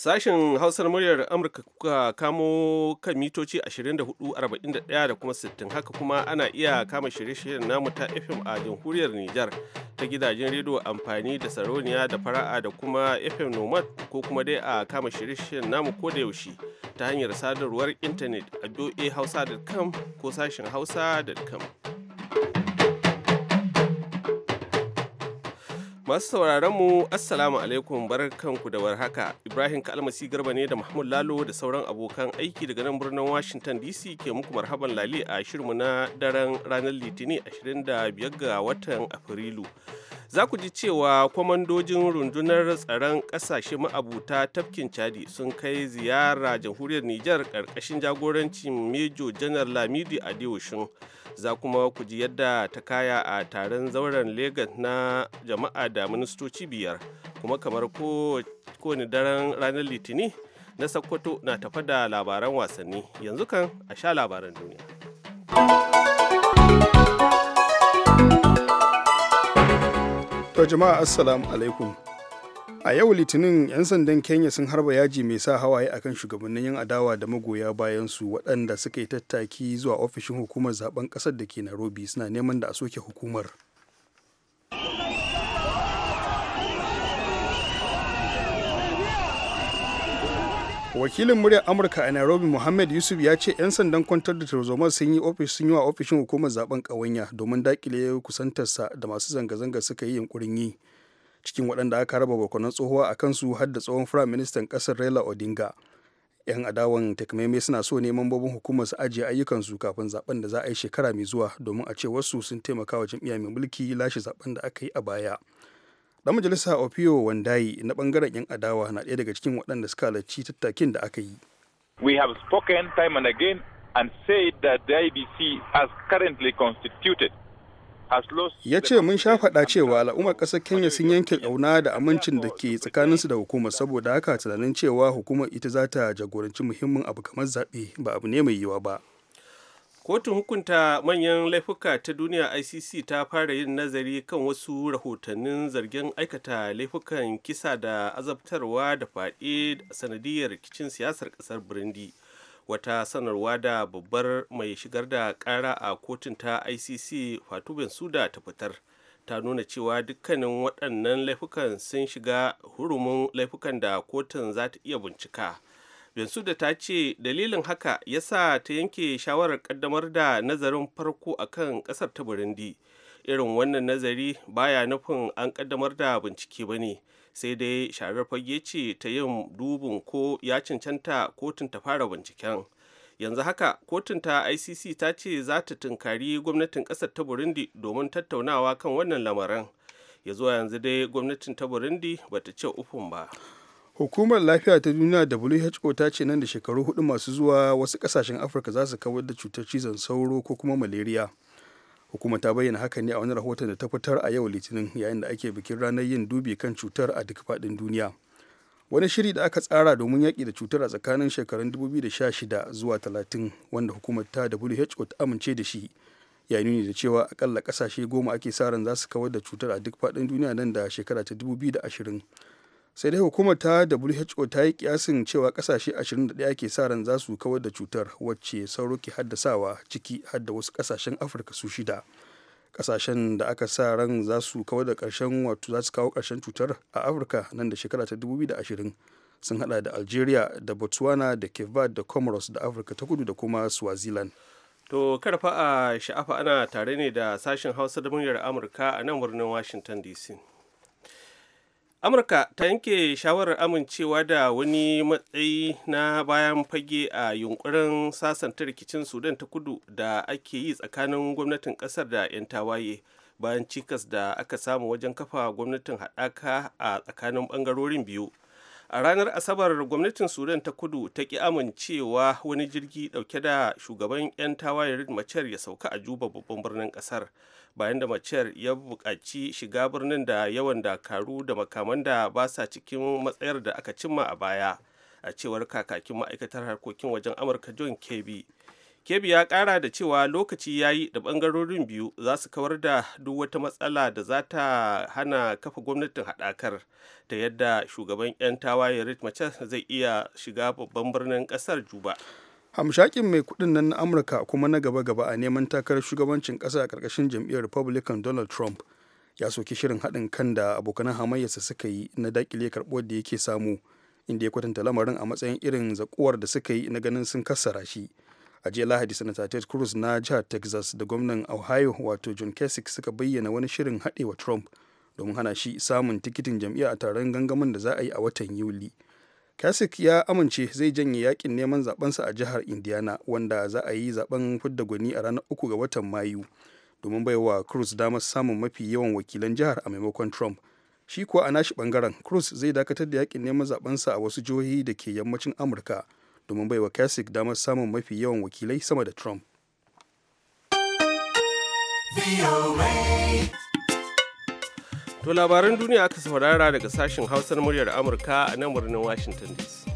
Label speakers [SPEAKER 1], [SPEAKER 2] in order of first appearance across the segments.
[SPEAKER 1] Sashen Hausar muryar Amurka kuka kamo kan mitoci 24,41 da kuma 60 haka kuma ana iya kama shirye-shiryen namu ta FM a jamhuriyar Nijar ta gidajen rediyo amfani da Saroniya da Fara'a da kuma FM Nomad ko kuma dai a kama shirye-shiryen namu ko da yaushe ta hanyar sadarwar intanet a hausa.com ko sashen hausa.com. Masu sauraron mu Assalamu alaikum barkanku da warhaka. Ibrahim Kalmasi Garba ne da Mahmud Lalo da sauran abokan aiki daga nan birnin Washington DC ke muku marhaban lali a shirmu na daren ranar Litinin 25 ga watan Afrilu. za ku ji cewa kwamandojin rundunar tsaron ƙasashe ma'abuta tafkin chadi sun kai ziyara jamhuriyar nijar ƙarƙashin jagorancin mejo janar lamidi adeoshun za kuma ku ji yadda ta kaya a taron zauren lagos na jama'a da ministoci biyar kuma kamar kowane daren ranar litini na sakkwato na tafa da labaran wasanni yanzu kan a sha labaran duniya.
[SPEAKER 2] To jama'a assalamu alaikum. A yau litinin 'yan sandan Kenya sun harba yaji mai sa hawaye akan shugabannin 'yan adawa da magoya bayan su waɗanda suka yi tattaki zuwa ofishin hukumar zaben ƙasar da ke Nairobi suna neman da a soke hukumar. wakilin muryar amurka a nairobi muhammad yusuf ya ce 'yan sandan kwantar da tarzoma sun yi ofis yi wa ofishin hukumar zaben kawanya domin dakile kusantarsa da masu zanga-zanga suka yi yunkurin yi cikin waɗanda aka raba bakonan tsohuwa a kansu har da tsohon firayim ministan ƙasar raila odinga 'yan adawan takmaimai suna so neman babban hukumar su ajiye ayyukansu kafin zaben da za a yi shekara mai zuwa domin a ce wasu sun taimaka wa jam'iyya mai mulki lashe zaben da aka yi a baya dan majalisa opio wandayi na bangaren yan adawa na ɗaya daga cikin waɗanda suka halarci tattakin da aka yi
[SPEAKER 3] we have spoken time and again and said that the ibc as currently constituted ya
[SPEAKER 2] ce mun sha faɗa cewa al'ummar ƙasar kenya sun yanke ƙauna da amincin da ke tsakaninsu da hukuma saboda haka tunanin cewa hukumar ita za ta jagoranci muhimmin abu kamar zaɓe ba abu ne mai yiwuwa ba
[SPEAKER 1] kotun hukunta manyan laifuka ta duniya icc ta fara yin nazari kan wasu rahotannin zargin aikata laifukan kisa da azabtarwa da faɗi sanadiyar rikicin siyasar ƙasar burundi wata sanarwa da babbar mai shigar da ƙara a kotun ta icc fatu Suda, ta fitar ta nuna cewa dukkanin waɗannan laifukan sun shiga hurumin laifukan da kotun za ta iya bincika da ta ce dalilin haka ya sa ta yanke shawarar kaddamar da nazarin farko akan kasar ta Burundi. Irin wannan nazari baya nufin an kaddamar da bincike ba ne, sai dai sharar fage ce ta yin dubin ko ya cancanta kotun ta fara binciken. Yanzu haka kotun ta ICC ta ce za ta tunkari gwamnatin kasar ta Burundi domin tattaunawa kan wannan lamarin. Ya zuwa yanzu dai gwamnatin ta Burundi bata ce ufun ba.
[SPEAKER 2] hukumar lafiya ta duniya who ta ce nan da shekaru hudu masu zuwa wasu kasashen afirka za su kawar da cutar cizon sauro ko kuma malaria hukuma ta bayyana haka ne a wani rahoton da ta fitar a yau litinin yayin da ake bikin ranar yin dubi kan cutar a duk faɗin duniya wani shiri da aka tsara domin yaki da cutar a tsakanin shekarun 2016 zuwa 30 wanda hukumar ta who ta amince da shi ya nuni da cewa akalla kasashe goma ake sa ran za su kawar da cutar a duk faɗin duniya nan da shekara ta 2020 sai dai hukumar ta who ta yi kiyasin cewa kasashe 21 ke sa ran za su kawar da cutar wacce sauro ke haddasawa ciki har wasu kasashen afirka su shida kasashen da aka sa ran za su kawar da karshen wato za su kawo karshen cutar a afirka nan da shekara ta 2020 sun hada da algeria da botswana da cape da comoros da afirka ta kudu da kuma swaziland
[SPEAKER 1] to karfa a sha'afa ana tare ne da sashen hausa da muryar amurka a nan birnin washington dc amurka ta yanke shawarar amincewa da wani matsayi na bayan fage a yunkurin sasanta rikicin sudan ta kudu da ake yi tsakanin gwamnatin kasar da 'yan tawaye bayan cikas da aka samu wajen kafa gwamnatin haɗaka a tsakanin ɓangarorin biyu a ranar asabar gwamnatin sudan ta kudu ta ki amincewa wani jirgi dauke da shugaban 'yan tawaye rid machar ya sauka a juba babban birnin kasar bayan da machar ya buƙaci shiga birnin da yawan dakaru da makaman da ba sa cikin matsayar da aka cimma a baya a cewar kakakin ma'aikatar harkokin wajen amurka john kirby kebi ya kara da cewa lokaci ya yi da bangarorin biyu za su kawar da duk wata matsala da za ta hana kafa gwamnatin haɗakar ta yadda shugaban 'yan tawaye ritmace zai iya shiga babban birnin ƙasar juba
[SPEAKER 2] hamshakin mai kudin nan na amurka kuma na gaba-gaba a neman takarar shugabancin ƙasa a ƙarƙashin jam'iyyar republican donald trump ya soki shirin haɗin kan da abokan hamayyarsa suka yi na dakile karɓuwar da yake samu inda ya kwatanta lamarin a matsayin irin zakuwar da suka yi na ganin sun kassara shi a jiya lahadi sanata ted cruz na jihar texas da gwamnan ohio wato john kasich suka bayyana wani shirin haɗe wa trump domin hana shi samun tikitin jam'iyya a taron gangamin da za a yi a watan yuli kasich ya amince zai janye yakin neman zabensa a jihar indiana wanda za a yi zaben fidda gwani a ranar uku ga watan mayu domin baiwa cruz damar samun mafi yawan wakilan jihar a maimakon trump shi kuwa a nashi bangaren cruz zai dakatar da yakin neman zabensa a wasu jihohi da ke yammacin amurka domin baiwa kasich damar samun mafi yawan wakilai sama da trump
[SPEAKER 1] To labaran duniya aka saurara daga sashen Hausa muryar Amurka a nan birnin Washington DC.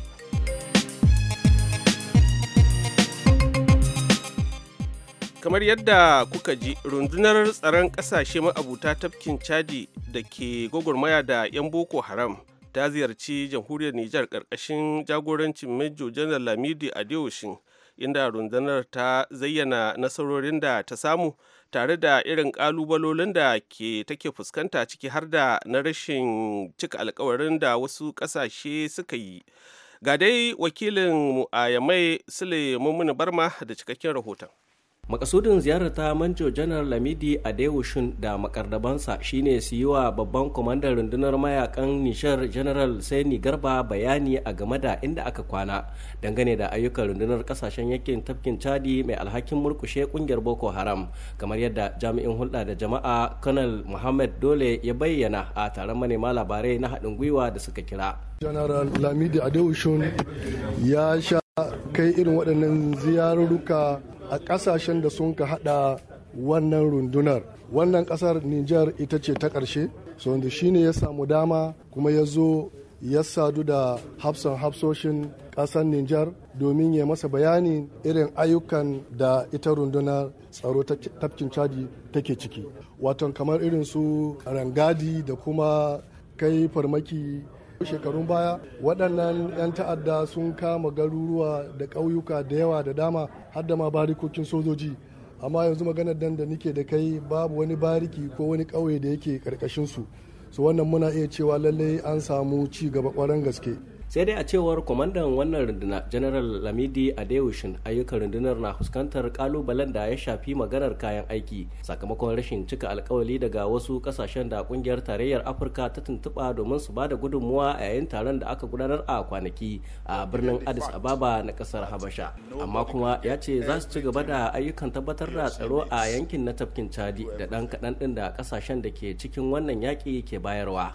[SPEAKER 1] Kamar yadda kuka ji, rundunar tsaron ƙasashe ma'abuta tafkin Chadi da ke gwagwarmaya da 'yan Boko Haram ta ziyarci jamhuriyar Nijar ƙarƙashin jagorancin Major Janar Lamidi Adeoshin inda rundunar ta zayyana nasarorin da ta samu tare da irin ƙalubalolin da ke take fuskanta ciki har da na rashin cika alkawarin da wasu ƙasashe suka yi. Ga dai wakilin mu a Yamai Sule Mummuni Barma da cikakken rahoton.
[SPEAKER 4] makasudin ziyarar ta manjo janar lamidi daewushin da makardabansa shine su yi wa babban kwamandan rundunar mayakan nishar general saini garba bayani a game da inda aka kwana dangane da ayyukan rundunar kasashen yankin tafkin chadi mai alhakin murkushe kungiyar boko haram kamar yadda jami'in hulɗa da jama'a kanal muhammad dole ya bayyana a taron manema labarai na haɗin gwiwa da suka kira
[SPEAKER 5] general lamidi adewushun ya sha kai irin waɗannan ziyarurruka a ƙasashen da sun ka haɗa wannan rundunar wannan ƙasar nijar ita ce ta ƙarshe so shi ne ya samu dama kuma ya zo ya sadu da hafsan hafsoshin ƙasar nijar domin ya masa bayani irin ayyukan da ita rundunar tsaro tafkin caji take ciki waton kamar irin su rangadi da kuma kai farmaki shekarun baya waɗannan 'yan ta'adda sun kama garuruwa da ƙauyuka da yawa da dama har da ma barikokin sojoji amma yanzu maganar dan da nike da kai babu wani bariki ko wani ƙauye da yake ƙarƙashin su so wannan muna iya cewa lallai an samu ci gaba ƙwarar gaske
[SPEAKER 4] sai dai a cewar kwamandan wannan runduna general lamidi adewushin ayyukan rundunar na fuskantar kalubalen da ya shafi maganar kayan aiki sakamakon rashin cika alkawali daga wasu kasashen da kungiyar tarayyar afirka ta tuntuɓa domin su bada gudunmuwa a yayin taron da aka gudanar a kwanaki a birnin addis ababa na kasar habasha amma kuma ya ce za su ci gaba da ayyukan tabbatar da tsaro a yankin na tafkin chadi da ɗan kaɗan ɗin da kasashen da ke cikin wannan yaƙi ke bayarwa.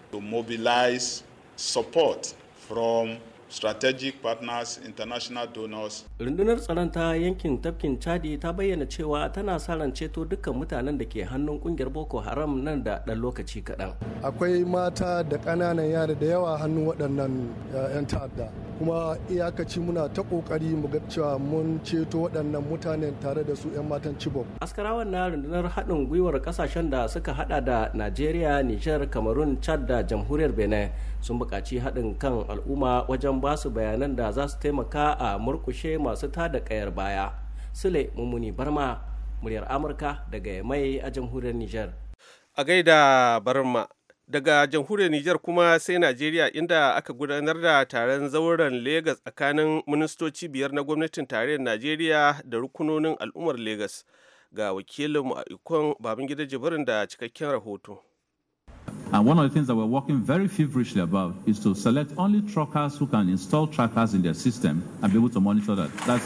[SPEAKER 1] support from strategic partners international donors
[SPEAKER 4] rundunar tsaron ta yankin tafkin chadi ta bayyana cewa tana sa ran ceto dukkan mutanen da ke hannun kungiyar boko haram nan da dan lokaci kaɗan
[SPEAKER 5] akwai mata da ƙananan yara da yawa hannun waɗannan 'yan eh, ta'adda kuma iyakaci muna ta ƙoƙari mu ga cewa mun ceto waɗannan mutanen tare da su 'yan matan chibok
[SPEAKER 4] askarawan na rundunar haɗin gwiwar ƙasashen da suka haɗa da nigeria niger cameroon chad da jamhuriyar benin sun buƙaci haɗin kan al'umma wajen ba su bayanan da za su taimaka a murkushe masu tada kayar baya sule mummuni barma muryar amurka daga mai
[SPEAKER 1] a jamhuriyar niger a gaida barma daga jamhuriyar Nijar kuma sai Najeriya inda aka gudanar da taron zauren Legas tsakanin ministoci biyar na gwamnatin tarayyar Najeriya da rukunonin al'ummar Legas ga wakilin a ikon Babangida jibirin da cikakken rahoto.
[SPEAKER 6] And one of the things that we're working very feverishly about is to select only truckers who can install trackers in their system and be able to monitor that. That's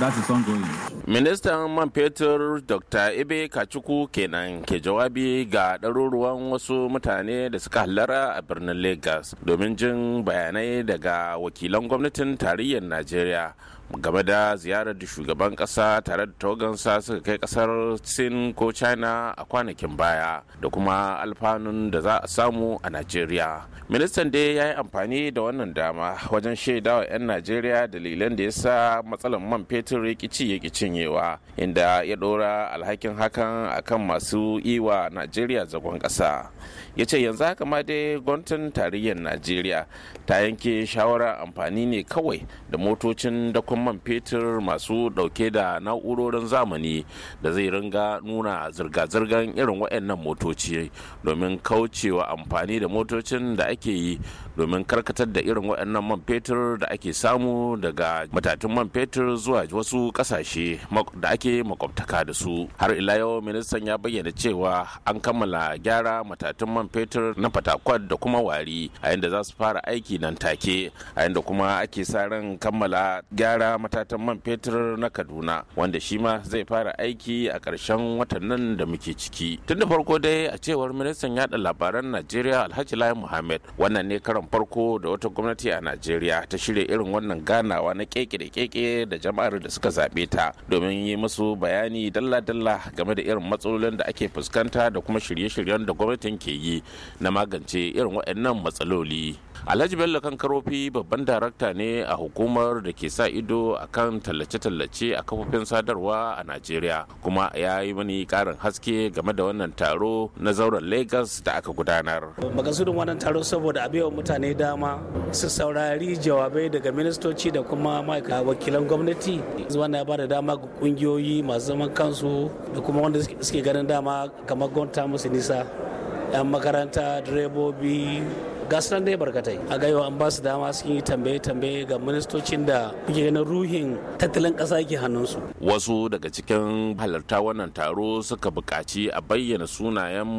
[SPEAKER 6] that is ongoing. Ministan man fetur Dr. Ibe Kachuku kenan ke jawabi ga ɗaruruwan wasu mutane da suka hallara a birnin Lagos domin jin bayanai daga wakilan gwamnatin tarayyar Najeriya game da ziyarar da shugaban kasa tare da togansa suka kai kasar sin ko china a kwanakin baya da kuma alfanun da za a samu a najeriya ministan dai ya yi amfani da wannan dama wajen shaida wa 'yan najeriya dalilan da ya sa matsalar man fetur ya ya cinyewa inda ya dora alhakin hakan akan masu iwa najeriya zagon kasa ya ce yanzu haka ma dai gwamnatin tarayyar najeriya ta yanke shawarar amfani ne kawai da motocin da ɗaiɗaikun man fetur masu ɗauke da na'urorin zamani da zai ringa nuna zirga-zirgar irin waɗannan motoci domin kaucewa amfani da motocin da ake yi domin karkatar da irin waɗannan man fetur da ake samu daga matatun man fetur zuwa wasu ƙasashe da ake makwabtaka da su har ila yau ministan ya bayyana cewa an kammala gyara matatun man fetur na fatakwal da kuma wari a yadda za su fara aiki nan take a yadda kuma ake sa ran kammala gyara karkara matatan man fetur na kaduna wanda shi ma zai fara aiki a ƙarshen watan nan da muke ciki tun da farko dai a cewar ministan yada labaran najeriya alhaji lai muhammad wannan ne karan farko da wata gwamnati a najeriya ta shirya irin wannan ganawa na keke da keke da jama'ar da suka zaɓe ta domin yi musu bayani dalla-dalla game da irin matsalolin da ake fuskanta da kuma shirye-shiryen da gwamnatin ke yi na magance irin waɗannan matsaloli alhaji bello kan karofi babban darakta ne a hukumar da ke sa ido a kan tallace-tallace a kafofin sadarwa a najeriya kuma ya yi mani karin haske game da wannan taro na zauren lagos da aka gudanar
[SPEAKER 7] magasudin wannan taro saboda a baiwa mutane dama su saurari jawabai daga ministoci da kuma ma'aikata wakilan gwamnati na ba da dama ga kungiyoyi masu zaman kansu da kuma wanda suke ganin dama kamar gwamnati musu nisa 'yan makaranta direbobi gasar nan barkatai a ga an ba su dama su yi tambaye tambaye ga ministocin da ke na ruhin tattalin kasa ke hannunsu
[SPEAKER 6] wasu daga cikin halarta wannan taro suka bukaci a bayyana sunayen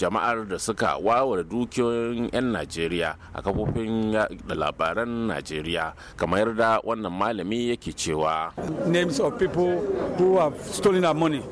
[SPEAKER 6] jama'ar da suka wawara dukiyoyin 'yan najeriya a kafofin da labaran najeriya kamar da wannan malami yake cewa names of people who have stolen
[SPEAKER 2] our money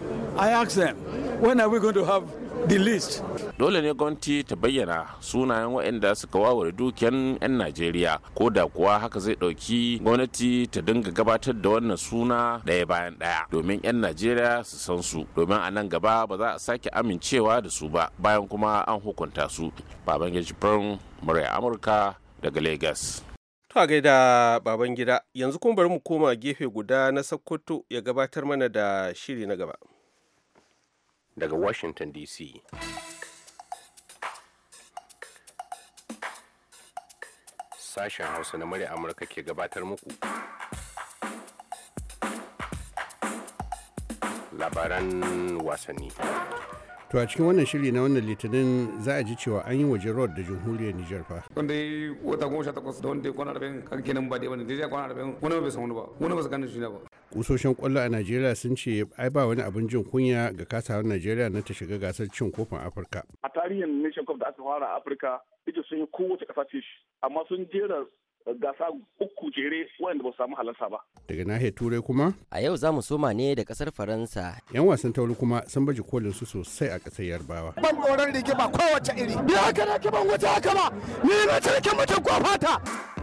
[SPEAKER 2] i ask them when are we
[SPEAKER 6] going to have the list dole ne gwamnati ta bayyana sunayen waɗanda suka waware dukiyar 'yan najeriya ko da kuwa haka zai ɗauki gwamnati ta dinga gabatar da wannan suna ɗaya bayan ɗaya domin 'yan najeriya su san su domin a nan gaba ba za a sake amincewa da su ba bayan kuma an hukunta su babangeji Brown murya amurka daga lagos
[SPEAKER 1] To a gaida baban gida yanzu kuma bari mu koma gefe guda na Sokoto ya gabatar mana da shiri na gaba. daga Washington DC.
[SPEAKER 8] Sashen Hausa na murya Amurka ke gabatar muku.
[SPEAKER 6] Labaran wasanni.
[SPEAKER 8] to a cikin wannan shiri na wannan litinin za a ji cewa an yi waje road da jamhuriyar nijar fa
[SPEAKER 6] wanda
[SPEAKER 7] ya yi wata goma sha takwas da wanda ya kwana arba'in kan kenan ba da yawan da ya kwana arba'in wani ba san wani ba wani ba su gane
[SPEAKER 3] shi ba
[SPEAKER 8] kusoshin kwallo a najeriya sun ce ai ba wani abin jin kunya ga kasawar najeriya na ta shiga gasar cin kofin afirka
[SPEAKER 3] a tarihin nation cup da aka fara a afirka ita sun yi kowace kasa ce amma sun jera gasa uku jere wanda ba samu halarta ba.
[SPEAKER 8] Daga nahiyar Turai kuma?
[SPEAKER 9] A yau za mu soma ne da kasar Faransa.
[SPEAKER 8] 'Yan wasan tauri kuma sun baje kolin su sosai a kasar Yarbawa.
[SPEAKER 9] Ban tsoron rigima kowace iri. Ni haka na kiban wata haka ba, ni na
[SPEAKER 7] cikin mutum ko fata.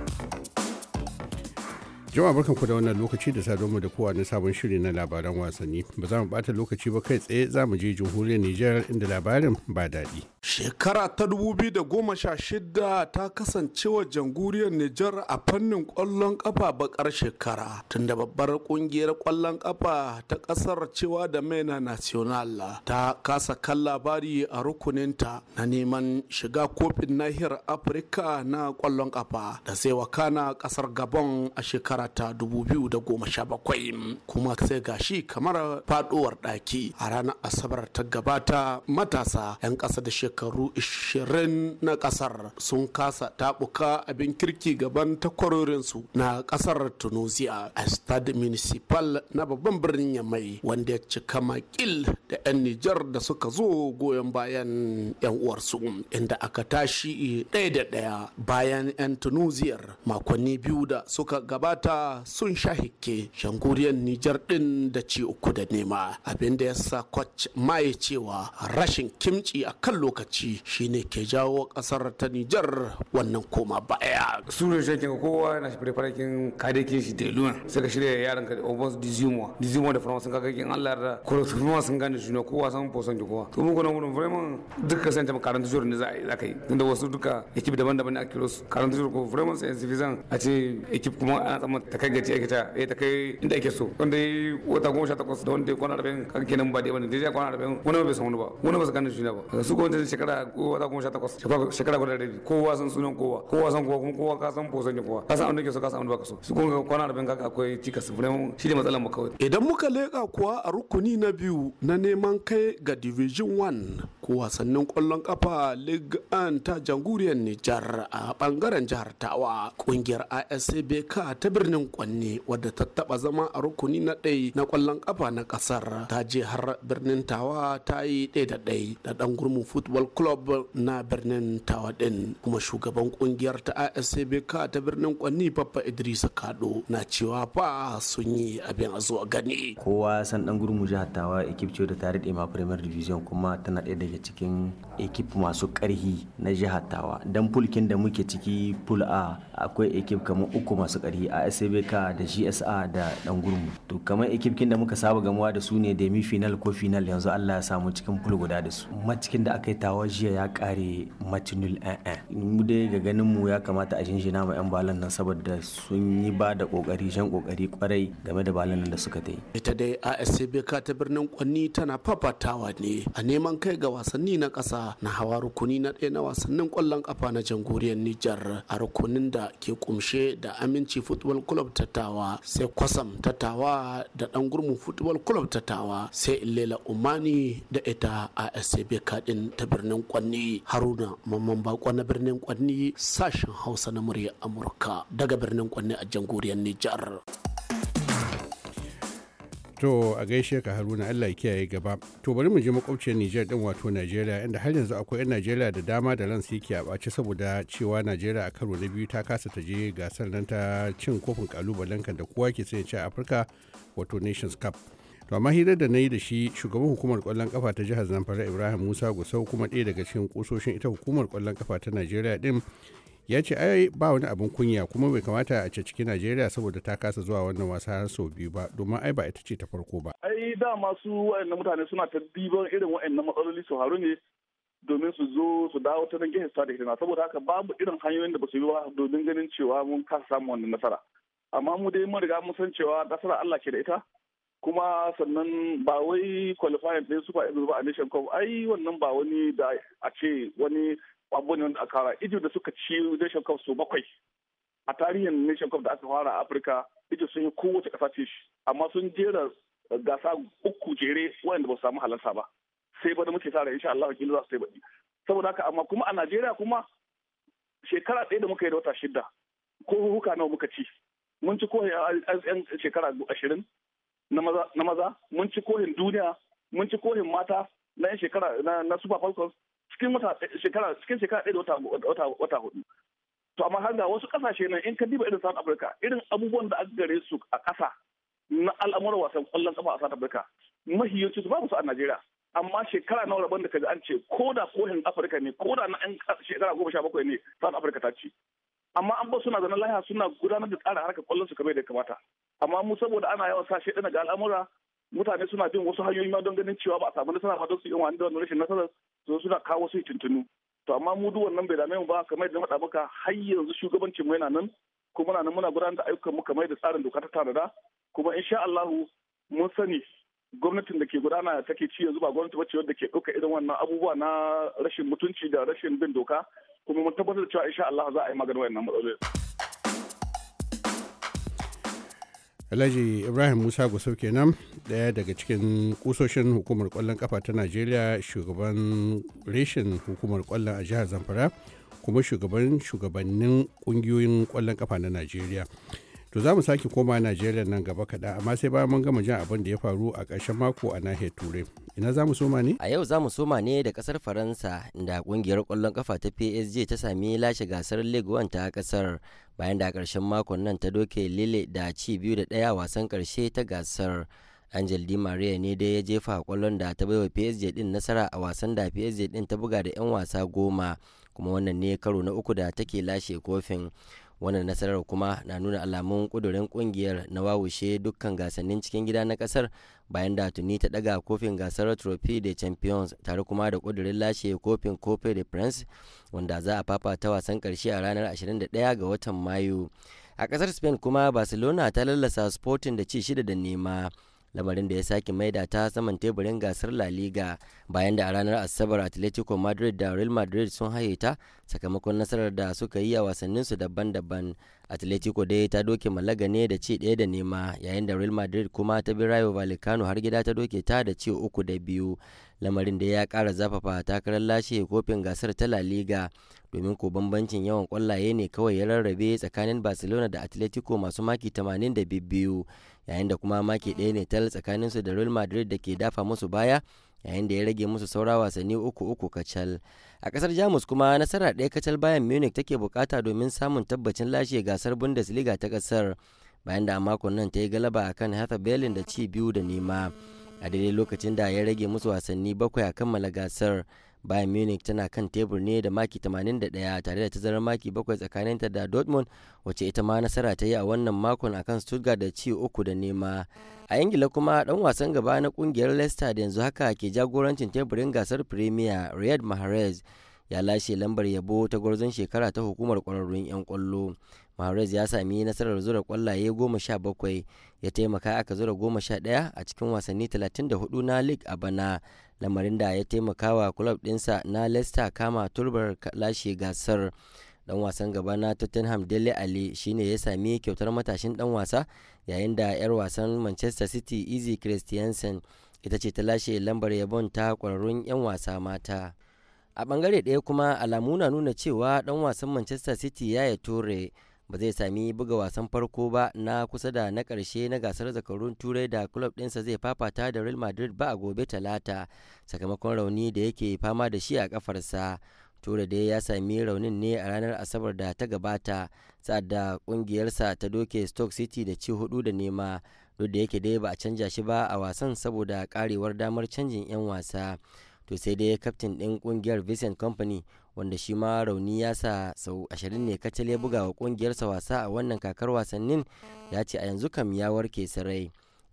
[SPEAKER 8] jama'a barkan ku da wannan lokaci da mu da kowa na sabon shiri na labaran wasanni ba za mu bata lokaci ba kai tsaye za mu je jamhuriyar Nijar inda labarin ba daɗi. Shekara ta 2016 ta
[SPEAKER 7] kasance wa jamhuriyar Nijar a fannin ƙwallon ƙafa bakar shekara tunda babbar ƙungiyar kwallon ƙafa ta ƙasar cewa da maina national ta kasa kan labari a rukunin ta na neman shiga kofin nahiyar Afirka na ƙwallon kafa da sai wakana ƙasar Gabon a shekara ta 2017 kuma sai gashi kamar faduwar ɗaki a ranar asabar ta gabata matasa 'yan ƙasa da shekaru 20 na ƙasar sun kasa taɓuka abin kirki gaban takwarorinsu na ƙasar tunisia a stade municipal na babban birnin yamai wanda ya cika makil da 'yan nijar da suka zo goyon bayan 'yan uwarsu inda aka tashi ɗaya da ɗaya bayan 'yan tunisiyar makonni biyu da suka gabata ta sun sha hikke shanguriyar Nijar din da ci uku da nema abin da ya sa kwac maye cewa rashin kimci a kan lokaci shine ke jawo kasar ta Nijar wannan koma baya. Su Sura shakin kowa na shi farfakin kadekin shi da iluwan sai ka shirya yaran ka obon dizimo dizimo da faransa kaga kin Allah da kuma sun gane ne kowa san fosan ki kowa. To mun gona mun vraiment duka san ta karanta jor ne za a yi tunda wasu duka ekip daban-daban ne a kiro su karanta jor ko vraiment sai insuffisant a ce ekip kuma ana kuma ta kai gaci aikata eh ta kai inda ake so wanda yi wata goma sha takwas da wanda ya kwana arba'in kan kenan ba dai wani dai ya kwana arba'in wani bai san wani ba wani ba su gane shi ba su ko wanda shekara wata goma sha takwas shekara guda rabi kowa san sunan kowa kowa san kowa kuma kowa ka san fosan ne kowa ka san abin da ke so ka san abin da ba ka so su kuma kwana arba'in kaka akwai cikas shi ne matsalar mu kawai idan muka leƙa kuwa a rukuni na biyu na neman kai ga division one ko wasannin kwallon kafa league an ta janguriyar Nijar a bangaren jihar Tawa kungiyar ISABK ta birnin birnin Kwanne wadda ta taba zama a rukuni na ɗai na kwallon kafa na kasar ta je har birnin Tawa ta yi ɗai da ɗai da ɗan gurmin Football Club na birnin Tawa ɗin kuma shugaban ƙungiyar ta ASCBK ta birnin Kwanne Papa Idrisa Kado na cewa fa sun yi abin a zuwa gani.
[SPEAKER 4] Kowa san ɗan gurmin jihar Tawa ekip ce da tare da Premier Division kuma tana ɗaya daga cikin ekip masu ƙarhi na jihar Tawa. Dan fulkin da muke ciki pul A akwai ekip kamar uku masu ƙarhi a cbk da gsa da dan gurmu to kamar ekipkin da muka saba gamuwa da su ne demi final ko final yanzu allah ya samu cikin pul guda da su macikin da aka yi tawa jiya ya kare matinul a'a eh, eh. mu dai ga ganin mu ya kamata a shinshina ma yan balan nan saboda sun yi ba da kokari jan kokari kwarai game da balan nan da suka ta yi
[SPEAKER 7] ita dai ascbk ta birnin kwanni tana fafatawa ne a neman kai ga wasanni na kasa na hawa rukuni na ɗaya na wasannin kwallon kafa na jamhuriyar nijar a rukunin da ke kumshe da aminci football club tattawa sai kwasam tattawa da dan gurmin football club tattawa sai lela umani da ita a sab kadin ta birnin kwanni haruna mamman bako na birnin kwanni sashen
[SPEAKER 8] hausa na murya amurka daga birnin kwanni a jamhuriyar nijar To a gaishe ka Haruna Allah ya kiyaye gaba. To bari mu je makwabciyar Nijar din wato Najeriya inda har yanzu akwai 'yan Najeriya da dama da ransu yake a ɓace saboda cewa Najeriya a karo na biyu ta kasa ta je gasar nan ta cin kofin kalubalen kan da kowa ke sanya ci a Afirka wato Nations Cup. To amma hirar da na yi da shi shugaban hukumar kwallon kafa ta jihar Zamfara Ibrahim Musa Gusau kuma ɗaya daga cikin kusoshin ita hukumar kwallon kafa ta Najeriya din ya ce ai ba wani abin kunya kuma bai kamata a ce cikin najeriya saboda ta kasa zuwa wannan wasa har sau biyu ba domin ai ba ita ce ta farko ba
[SPEAKER 3] ai da masu wa'annan mutane suna ta diban irin wa'annan matsaloli su haru ne domin su zo su dawo ta nan gefe da na saboda haka babu irin hanyoyin da ba su yi ba domin ganin cewa mun kasa samun wannan nasara amma mu dai mun riga mun san cewa nasara Allah ke da ita kuma sannan ba wai qualifying ɗin super eagles ba a nation cup ai wannan ba wani da a ce wani abu ne wanda aka fara Egypt da suka ci nation cup su bakwai a tarihin nation cup da aka fara a Afirka ijo sun yi kowace ƙasa ce shi amma sun jera gasa uku jere wanda ba su samu halarta ba sai ba da muke tare insha Allah wakili za su yi baki saboda haka amma kuma a Najeriya kuma shekara ɗaya da muka yi da wata shida ko huka nawa muka ci mun ci kohin yan shekara ashirin na maza mun ci kohin duniya mun ci kohin mata na yan shekara na super falcons cikin shekara cikin shekara ɗaya da wata wata hudu to amma har ga wasu kasashe nan in ka diba irin South Africa irin abubuwan da aka gare su a ƙasa na al'amuran wasan ƙwallon ƙafa a South Africa mahiyoci su babu su a Najeriya amma shekara nawa rabon da kaji an ce ko da kohin Afirka ne ko da na ɗan shekara goma sha bakwai ne South Africa ta ci amma an ba suna zanen lahiya suna gudanar da tsarin harkar ƙwallon su kamar da kamata amma mu saboda ana yawan sashe ɗana ga al'amura mutane suna bin wasu hanyoyi ma don ganin cewa ba a samu nasara ba don su yi wani da wannan rashin nasara su suna kawo su tuntunu to amma mu duk wannan bai dame mu ba kamar yadda faɗa maka har yanzu shugabancin mu yana nan kuma na nan muna gudanar da ayyukan mu kamar yadda tsarin doka ta tanada kuma insha Allahu mun sani gwamnatin da ke gudana take ci yanzu ba gwamnati bace wadda ke ɗauka irin wannan abubuwa na rashin mutunci da rashin bin doka kuma mun tabbatar da cewa insha Allah za a yi maganin wannan matsalolin
[SPEAKER 8] Alhaji Ibrahim Musa Gusau kenan ɗaya daga cikin kusoshin hukumar kwallon kafa ta Najeriya shugaban reshen hukumar kwallon a jihar Zamfara kuma shugaban shugabannin kungiyoyin kwallon kafa na Najeriya. to za mu sake koma najeriya nan gaba kaɗa amma sai bayan mun gama jin abin da ya faru a ƙarshen mako a nahiyar turai ina za mu soma ne
[SPEAKER 9] a yau za mu soma ne da kasar faransa da ƙungiyar kwallon kafa ta psg ta sami lashe gasar league one ta kasar bayan da a ƙarshen makon nan ta doke lille da ci biyu da ɗaya wasan ƙarshe ta gasar angel di maria ne dai ya jefa kwallon da ta baiwa psg din nasara a wasan da psg din ta buga da 'yan wasa goma kuma wannan ne karo na uku da take lashe kofin wannan nasarar kuma na nuna alamun kudurin kungiyar na wawushe dukkan gasannin cikin gida na kasar bayan da tuni ta daga kofin gasar trophy de champions tare kuma da kudurin lashe kofin kofe de prince wanda za a fafata wasan karshe a ranar 21 ga watan mayu a kasar spain kuma barcelona ta lallasa sporting da ci shida da nema lamarin da ya sake maida ta saman teburin gasar La Liga bayan da a ranar Asabar Atletico Madrid da Real Madrid sun haye ta sakamakon nasarar da suka yi a wasanninsu daban-daban. Atletico dai ta doke Malaga ne da ci ɗaya da nema yayin da Real Madrid kuma ta bi Rayo Vallecano har gida ta doke ta da ci uku da biyu. Lamarin da ya kara zafafa takarar lashe kofin gasar ta La Liga domin ko bambancin yawan kwallaye ne kawai ya rarrabe tsakanin Barcelona da Atletico masu maki 82. yayin da kuma maki ɗaya ne tal tsakaninsu da real madrid da ke dafa musu baya yayin da ya rage musu saura wasanni uku uku kacal a kasar jamus kuma nasara ɗaya kacal bayan munich take bukata domin samun tabbacin lashe gasar bundesliga ta kasar bayan da a makon nan ta yi galaba akan hertha berlin da ci biyu da nema a daidai lokacin da ya rage musu wasanni bakwai a kammala gasar bayan Munich tana kan tebur ne da maki 81 tare da tazarar maki 7 tsakaninta da Dortmund wacce ita ma nasara ta yi a wannan makon akan Stuttgart da ci uku da nema. A Ingila kuma dan wasan gaba na kungiyar Leicester da yanzu haka ke jagorancin teburin gasar Premier Riyad Mahrez ya lashe lambar yabo ta gwarzon shekara ta hukumar kwararrun 'yan kwallo. Mahrez ya sami nasarar zura kwallaye goma sha bakwai ya taimaka aka zura goma sha daya a cikin wasanni 34 na League a bana lamarin da ya taimaka wa kulob ɗinsa na leicester kama turbar lashe gasar dan wasan gaba na tottenham dele ali shine ya sami kyautar matashin dan wasa yayin da 'yar wasan manchester city easy christiansen ita ce ta lashe lambar yabon ta kwararrun 'yan wasa mata a bangare ɗaya kuma alamu na nuna cewa dan wasan manchester city ya yi ture ba zai sami buga wasan farko ba na kusa da na karshe na gasar zakarun turai da club ɗinsa zai fafata da real madrid ba a gobe talata sakamakon rauni da yake fama da shi a kafarsa tura da ya sami raunin ne a ranar asabar da ta gabata sa'ad da ƙungiyarsa ta doke stoke city da ci hudu da nema duk da yake dai ba a canja shi ba a wasan saboda karewar damar canjin 'yan wasa to sai dai kaftin ɗin ƙungiyar vincent company wanda shi ma rauni ya sa sau ashirin ne kacal ya buga wa kungiyarsa wasa a wannan kakar wasannin ya ce a yanzu kam ya warke sarai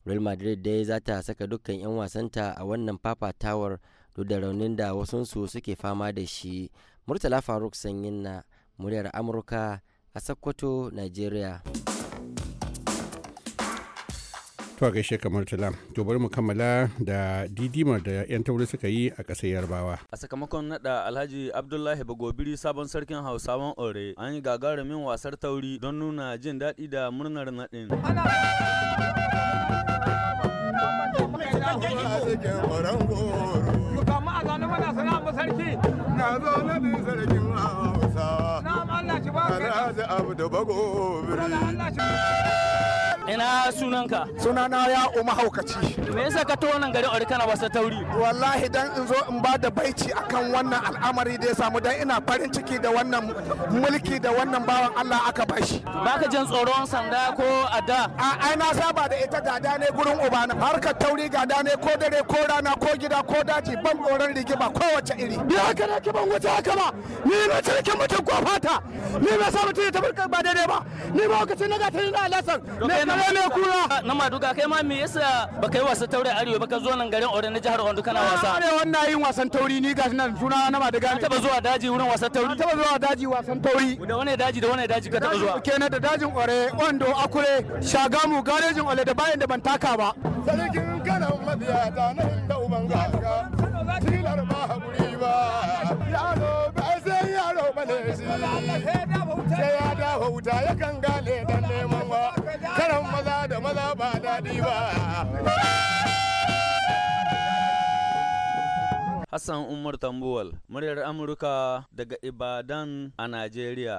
[SPEAKER 9] real madrid dai za ta saka dukkan 'yan wasanta a wannan fafatawar duk da raunin da wasunsu suke fama da shi murtala faruk sanyin na muryar amurka a sakkwato nigeria
[SPEAKER 8] To gaishe kamar tala. To bari mu kammala da didimar da 'yan tauri suka yi a ƙasar Yarbawa.
[SPEAKER 4] A sakamakon naɗa Alhaji Abdullahi Bagobiri sabon sarkin Hausawan Ore an yi gagarumin wasar tauri don nuna jin daɗi da murnar naɗin. Na
[SPEAKER 7] zo na sarkin Hausa. Na Allah shi ba ka. Ina sunanka? Sunana ya umu Haukaci. Me yasa ka to wannan gari ori kana basa tauri? Wallahi dan in zo in bada baici akan wannan al'amari da ya samu dan ina farin ciki da wannan mulki da wannan bawan Allah aka bashi. Baka jin tsoron sanda ko ada? A ai na saba da ita gada ne gurin ubana. Harkar tauri gada ne ko dare ko rana ko gida ko daji ban tsoron rigima kowace iri. Ni haka na ban wuce haka ba. Ni na cikin mutum ko fata. Ni ne sa mutum ya tabarka ba daidai ba. Ni ba wakacin na gata ni na alasan. kare mai kura na maduga kai
[SPEAKER 4] ma me yasa ba kai wasa taure arewa ba ka zo nan garin Ore na jihar Ondo kana wasa arewa na
[SPEAKER 7] yin wasan tauri ni gashi nan suna na maduga taba zuwa daji wurin wasan tauri taba zuwa daji wasan tauri da wani daji da wani daji ka taba zuwa kenan da dajin Ore Ondo Akure Shagamu garejin Ole da bayan da ban taka ba sarkin kana mabiya ta nan da uban ganga tilar ba hakuri ba yaro ba sai yaro bane shi sai ya dawo wuta ya kan gane dan neman wa Hassan
[SPEAKER 4] Umar Tambuwal, muryar Amurka daga Ibadan a Najeriya.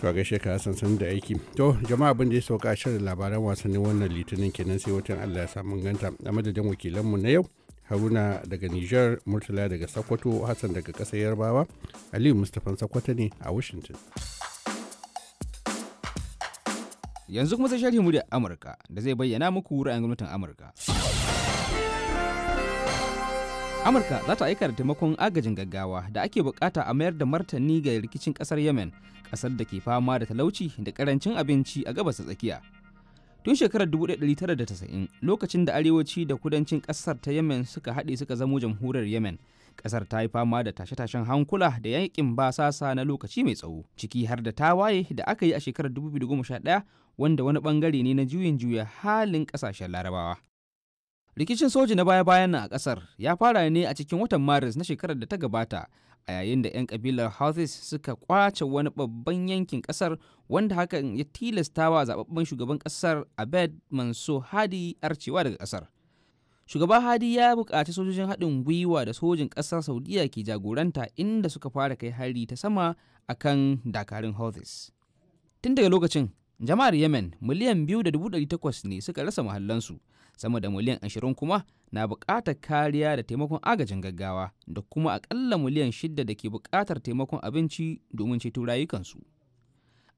[SPEAKER 8] Kwa shekara ka Hassan sun da aiki. To, jama'a abin da ya sauka shirin labaran wasannin wannan litinin kenan sai watan Allah ya samu ganta a madadin wakilanmu na yau. Haruna daga Nijar, Murtala daga Sokoto, Hassan daga ƙasar Yarbawa, Aliyu
[SPEAKER 10] Mustapha Sokoto ne a Washington. Yanzu kuma sai sharhi muryar Amurka da zai bayyana muku ra'ayin gwamnatin Amurka. Amurka za ta aika da taimakon agajin gaggawa da ake bukata a mayar da martani ga rikicin kasar Yemen, kasar da ke fama da talauci da karancin abinci a gabas ta tsakiya. Tun shekarar 1990 lokacin da arewaci da kudancin kasar ta Yemen suka haɗe suka zamo jamhuriyar Yemen, ƙasar ta yi fama da tashe-tashen hankula da yakin basasa na lokaci mai tsawo ciki har da tawaye da aka yi a shekarar 2011 wanda wani bangare ne na juyin juya halin kasashen larabawa rikicin soji na baya-bayan nan a kasar ya fara ne a cikin watan maris na shekarar da ta gabata a yayin da 'yan kabilar houthis suka kwace wani babban yankin kasar wanda hakan ya tilasta wa zababben shugaban kasar abed manso hadi arcewa daga kasar shugaba hadi ya buƙaci sojojin haɗin gwiwa da sojin ƙasar saudiya ke jagoranta inda suka fara kai hari ta sama akan dakarun houthis tun daga lokacin jama'ar yemen miliyan biyu da ne suka rasa mahallansu sama da miliyan ashirin kuma na buƙatar kariya da taimakon agajin gaggawa da kuma aƙalla miliyan shida da ke buƙatar taimakon abinci domin ceto rayukansu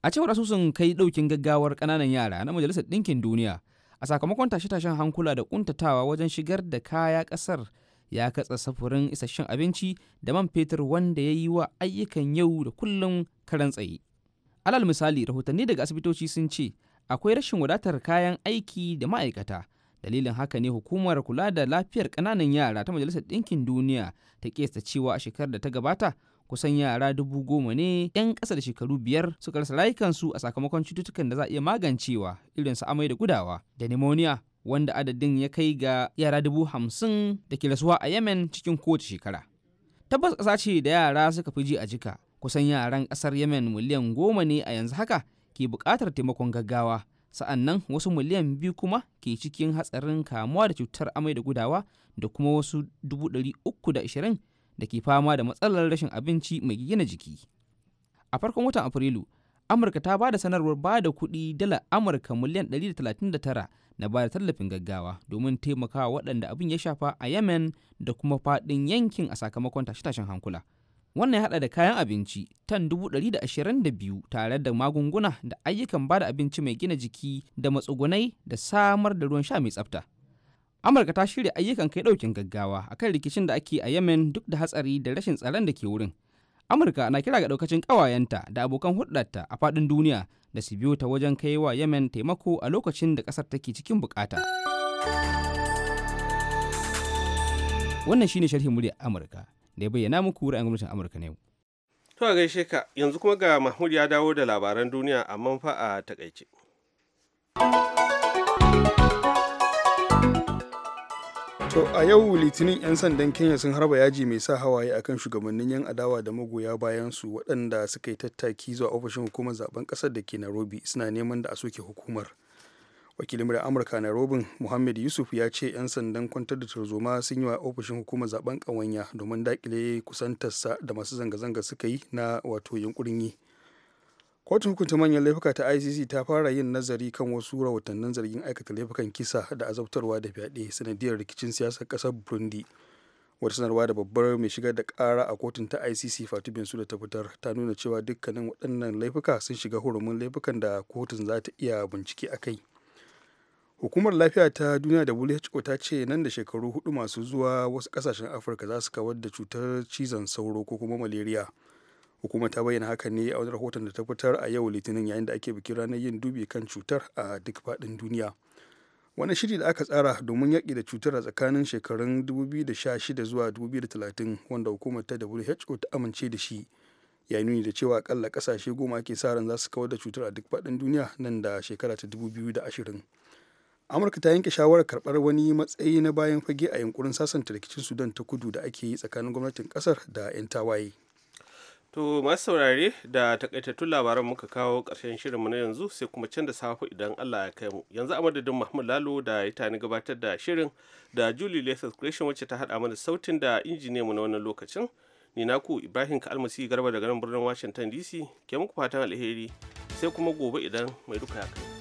[SPEAKER 10] a cewar asusun kai ɗaukin gaggawar ƙananan yara na majalisar ɗinkin duniya a sakamakon tashe-tashen hankula da ƙuntatawa wajen shigar da kaya ƙasar ya katsa safurin isasshen abinci da man fetur wanda ya yi wa ayyukan yau da kullum karan tsaye alal misali rahotanni daga asibitoci sun ce akwai rashin wadatar kayan aiki da ma'aikata dalilin haka ne hukumar kula da lafiyar kananan yara ta majalisar ɗinkin duniya ta kesta cewa a shekarar da ta gabata kusan yara dubu goma ne 'yan ƙasa da shekaru biyar suka rasa rayukansu a sakamakon cututtukan da za a iya magancewa irin su amai da gudawa da nimoniya wanda adadin ya kai ga yara dubu hamsin da ke rasuwa a yemen cikin kowace shekara tabbas ƙasa ce da yara suka fi ji a jika kusan yaran ƙasar yemen miliyan goma ne a yanzu haka ke buƙatar taimakon gaggawa sa'an nan wasu miliyan biyu kuma ke cikin hatsarin kamuwa da cutar amai da gudawa da kuma wasu dubu ɗari uku da ashirin da ke fama da matsalar rashin abinci mai gina jiki a farkon watan afrilu amurka ta ba da sanarwar ba da kuɗi dala amurka miliyan 139 na ba da tallafin gaggawa domin taimakawa waɗanda abin ya shafa a yemen da kuma faɗin yankin a sakamakon tashe-tashen hankula wannan ya hada da kayan abinci tan 122 tare da magunguna da ayyukan bada abinci mai gina jiki da matsugunai da samar da ruwan sha mai tsafta amurka ta shirya ayyukan kai daukin gaggawa akan rikicin da ake a yemen duk da hatsari da rashin tsaron da ke wurin amurka na kira ga daukacin kawayenta da abokan hulɗarta a faɗin duniya da su biyo ta wajen kai wa yemen taimako a lokacin da ƙasar take cikin bukata wannan shi ne sharhin murya amurka da ya bayyana muku ra'ayin gwamnatin amurka na yau
[SPEAKER 1] to a gaishe ka yanzu kuma ga mahmud ya dawo da labaran duniya a fa a takaice
[SPEAKER 2] To a yau litinin 'yan sandan Kenya sun harba yaji mai sa hawaye akan shugabannin 'yan adawa da magoya bayan su waɗanda suka yi tattaki zuwa ofishin hukumar zaben ƙasar da ke Nairobi suna neman da a soke hukumar. wakilin da amurka na robin muhammad yusuf ya ce 'yan sandan kwantar da tarzoma sun yi wa ofishin hukumar zaben kawanya domin dakile kusantarsa da masu zanga-zanga suka yi na wato yunkurin yi kotun hukunta manyan laifuka ta icc ta fara yin nazari kan wasu rahotannin zargin aikata laifukan kisa da azabtarwa da fyaɗe sanadiyar rikicin siyasar ƙasar burundi wata sanarwa da babbar mai shigar da ƙara a kotun ta icc fatu binsu da ta fitar ta nuna cewa dukkanin waɗannan laifuka sun shiga hurumin laifukan da kotun za ta iya bincike a kai hukumar lafiya ta duniya da who ta ce nan da shekaru hudu masu zuwa wasu kasashen afirka za su kawar da cutar cizon sauro ko kuma malaria hukumar ta bayyana haka ne a wani rahoton da ta fitar a yau litinin yayin da ake bikin ranar yin dubi kan cutar a duk faɗin duniya wani shiri da aka tsara domin yaƙi da cutar a tsakanin shekarun 2016 zuwa 2030 wanda hukumar ta who ta amince da shi ya nuni da cewa akalla ƙasashe goma ake sa ran za su kawar da cutar a duk faɗin duniya nan da shekara ta 2020 amurka ta yanke shawarar karɓar wani matsayi na bayan fage a yunkurin sasanta rikicin sudan ta kudu da ake yi tsakanin gwamnatin ƙasar da 'yan tawaye
[SPEAKER 1] to masu saurare da takaitattun labaran muka kawo ƙarshen shirinmu na yanzu sai kuma can da safe idan allah ya kai mu yanzu a madadin mahmud lalo da ya tani gabatar da shirin da julie lethal creation wacce ta haɗa mana sautin da mu na wannan lokacin ni ku ibrahim kalmasi garba daga nan birnin washington dc ke muku fatan alheri sai kuma gobe idan mai duka ya kai